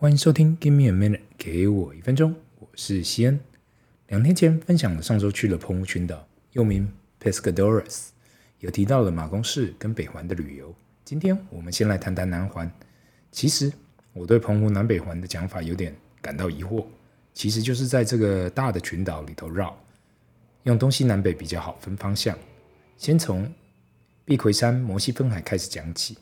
歡迎收聽《Give Me a Minute》，給我一分鐘，我是西恩。兩天前分享了上周去了澎湖群島，又名 Pescadores，有提到了馬公市跟北環的旅遊。今天我們先來談談南環。其實我對澎湖南北環的講法有點感到疑惑。其實就是在這個大的群島裡頭繞，用東西南北比較好分方向。先從壁奎山摩西分海開始講起，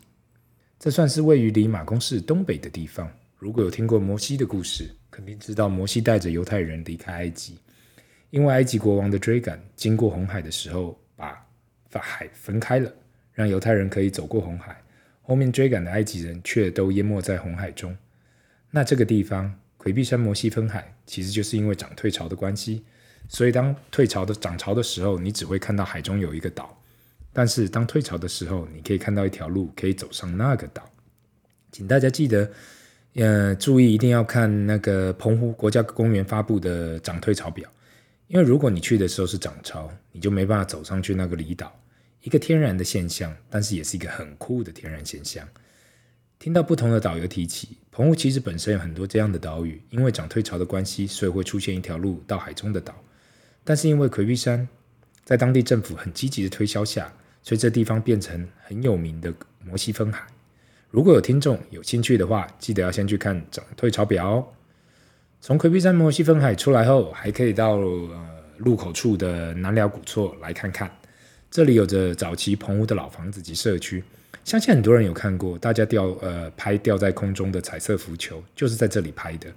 這算是位於離馬公市東北的地方。如果有聽過摩西的故事，肯定知道摩西帶着猶太人離開埃及，因為埃及國王的追趕，經過紅海的時候，把法海分開了，讓猶太人可以走過紅海。後面追趕的埃及人卻都淹沒在紅海中。那這個地方，奎壁山摩西分海，其實就是因為漲退潮的關係。所以當退潮的漲潮的時候，你只會看到海中有一個島。但是當退潮的時候，你可以看到一條路，可以走上那個島。請大家記得。呃，注意一定要看那個澎湖國家公園發布的漲退潮表，因為如果你去的時候是漲潮，你就沒辦法走上去那個離島。一個天然的現象，但是也是一個很酷的天然現象。聽到不同的導遊提起，澎湖其實本身有很多這樣的島嶼，因為漲退潮的關係，所以會出現一條路到海中的島。但是因為奎壁山，在當地政府很積極的推銷下，所以這地方變成很有名的摩西分海。如果有聽眾有興趣的話，記得要先去看漲退潮表哦。從奎壁山摩西分海出來後，還可以到呃入口處的南寮古厝來看看。這裡有着早期澎湖的老房子及社區，相信很多人有看過。大家吊呃拍吊在空中的彩色浮球，就是在這裡拍的。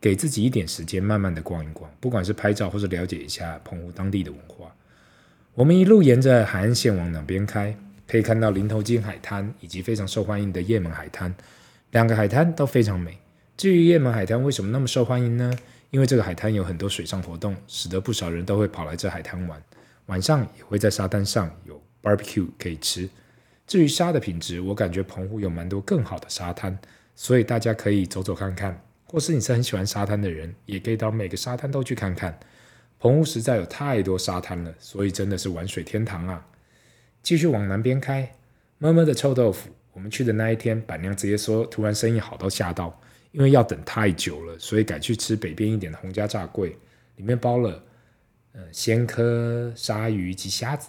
給自己一點時間，慢慢的逛一逛，不管是拍照或是了解一下澎湖當地的文化。我們一路沿着海岸線往南邊開。可以看到林頭金海灘以及非常受歡迎的夜門海灘，兩個海灘都非常美。至於夜門海灘為什麼那麼受歡迎呢？因為這個海灘有很多水上活動，使得不少人都會跑來這海灘玩。晚上也會在沙灘上有 barbecue 可以吃。至於沙的品質，我感覺澎湖有蠻多更好的沙灘，所以大家可以走走看看。或是你是很喜歡沙灘的人，也可以到每個沙灘都去看看。澎湖實在有太多沙灘了，所以真的是玩水天堂啊！繼續往南邊開，悶悶的臭豆腐。我們去的那一天，板娘直接說，突然生意好到嚇到，因為要等太久了，所以改去吃北邊一點的洪家炸粿，裡面包了，呃，鮮蚵、鯊魚及蝦子。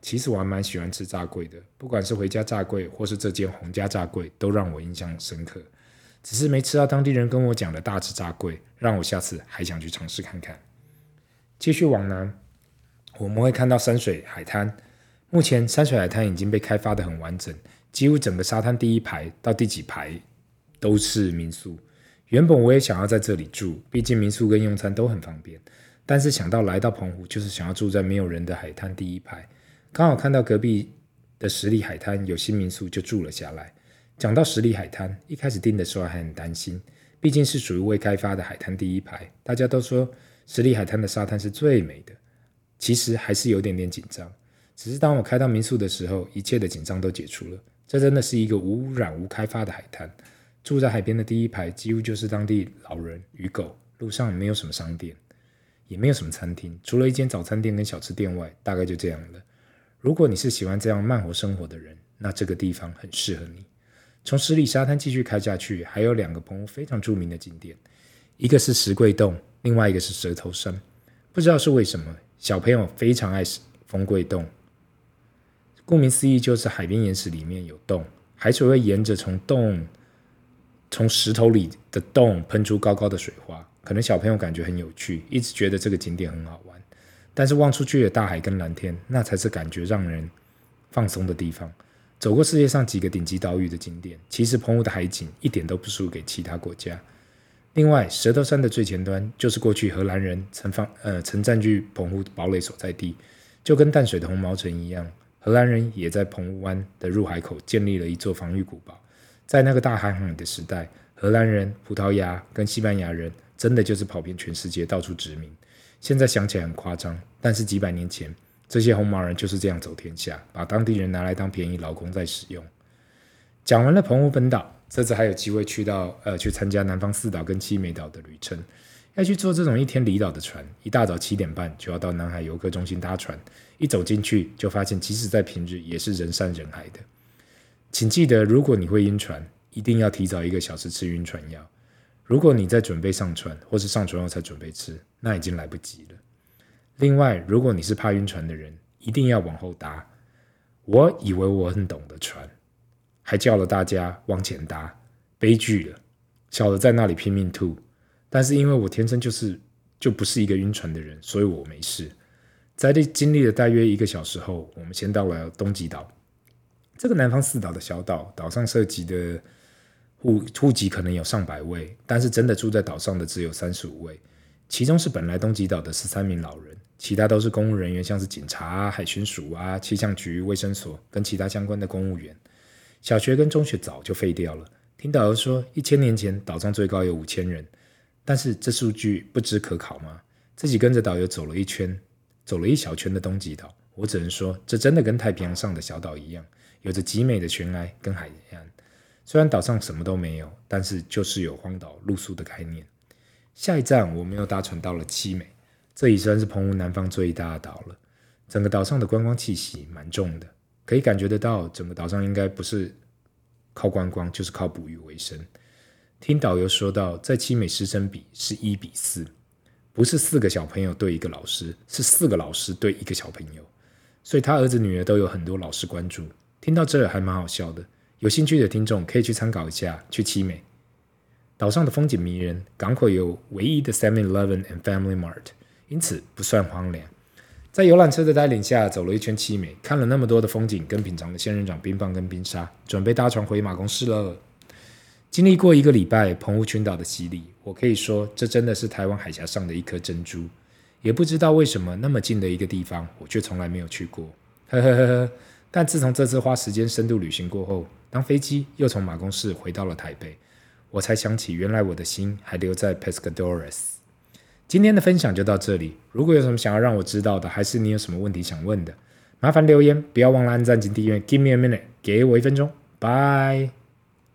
其實我還蠻喜歡吃炸粿的，不管是回家炸粿或是這間洪家炸粿，都讓我印象深刻。只是沒吃到當地人跟我講的大隻炸粿，讓我下次還想去嘗試看看。繼續往南，我們會看到山水海灘。目前山水海灘已經被開發得很完整，幾乎整個沙灘第一排到第幾排都是民宿。原本我也想要在這裡住，畢竟民宿跟用餐都很方便。但是想到來到澎湖就是想要住在沒有人的海灘第一排，剛好看到隔壁的十里海灘有新民宿就住了下來。講到十里海灘，一開始訂的時候還很擔心，畢竟是屬於未開發的海灘第一排，大家都說十里海灘的沙灘是最美的，其實還是有點點緊張。只是當我開到民宿的時候，一切的緊張都解除了。這真的是一個無污染、無開發的海灘。住在海邊的第一排，幾乎就是當地老人與狗。路上也沒有什麼商店，也沒有什麼餐廳，除了一間早餐店跟小吃店外，大概就這樣了。如果你是喜歡這樣慢活生活的人，那這個地方很適合你。從十里沙灘繼續開下去，還有兩個澎湖非常著名的景點，一個是風櫃洞，另外一個是蛇頭山。不知道是為什麼，小朋友非常愛風櫃洞。顧名思義，就是海邊岩石裡面有洞，海水會沿着從洞、從石頭裡的洞噴出高高的水花，可能小朋友感覺很有趣，一直覺得這個景點很好玩。但是望出去的大海跟藍天，那才是感覺讓人放鬆的地方。走過世界上幾個頂級島嶼的景點，其實澎湖的海景一點都不輸給其他國家。另外，蛇頭山的最前端就是過去荷蘭人曾放，呃，曾佔據澎湖堡壘所在地，就跟淡水的紅毛城一樣。荷蘭人也在澎湖灣的入海口建立了一座防禦古堡。在那個大航海的時代，荷蘭人、葡萄牙跟西班牙人真的就是跑遍全世界，到處殖民。現在想起來很誇張，但是幾百年前，這些紅毛人就是這樣走天下，把當地人拿來當便宜勞工在使用。講完了澎湖本島，這次還有機會去到呃，去參加南方四島跟七美島的旅程。要去坐這種一天離島的船，一大早七點半就要到南海遊客中心搭船，一走進去就發現，即使在平日也是人山人海的。請記得，如果你會暈船，一定要提早一個小時吃暈船藥。如果你在準備上船，或是上船後才準備吃，那已經來不及了。另外，如果你是怕暈船的人，一定要往後搭。我以為我很懂得船，還叫了大家往前搭，悲劇了，小的在那裡拼命吐。但是因為我天生就是就不是一個暈船的人，所以我沒事。在這經歷了大約一個小時後，我們先到了東極島，這個南方四島的小島，島上涉及的戶戶籍可能有上百位，但是真的住在島上的只有三十五位，其中是本來東極島的十三名老人，其他都是公務人員，像是警察啊、海巡署啊、氣象局、衛生所跟其他相關的公務員。小學跟中學早就廢掉了。聽導遊說，一千年前島上最高有五千人。但是這數據不知可考嗎？自己跟着導遊走了一圈，走了一小圈的東極島，我只能說，這真的跟太平洋上的小島一樣，有着極美的懸崖跟海岸。雖然島上什麼都沒有，但是就是有荒島露宿的概念。下一站，我們又搭船到了七美，這已算是澎湖南方最大的島了。整個島上的觀光氣息蠻重的，可以感覺得到，整個島上應該不是靠觀光，就是靠捕魚為生。聽導遊說到，在七美師生比是一比四，不是四個小朋友對一個老師，是四個老師對一個小朋友，所以他兒子女兒都有很多老師關注。聽到這兒還蠻好笑的，有興趣的聽眾可以去參考一下。去七美島上的風景迷人，港口有唯一的 Seven Eleven and Family Mart，因此不算荒涼。在遊覽車的帶領下走了一圈七美，看了那麼多的風景，跟品嘗了仙人掌冰棒跟冰沙，準備搭船回馬公市了。經歷過一個禮拜澎湖群島的洗禮，我可以說這真的是台灣海峽上的一顆珍珠。也不知道為什麼那麼近的一個地方，我卻從來沒有去過。呵呵呵呵。但自從這次花時間深度旅行過後，當飛機又從馬公市回到了台北，我才想起原來我的心還留在 Pescadores。今天的分享就到這裡。如果有什麼想要讓我知道的，還是你有什麼問題想問的，麻煩留言。不要忘了按讚、點訂閱。Give me a minute，給我一分鐘。Bye。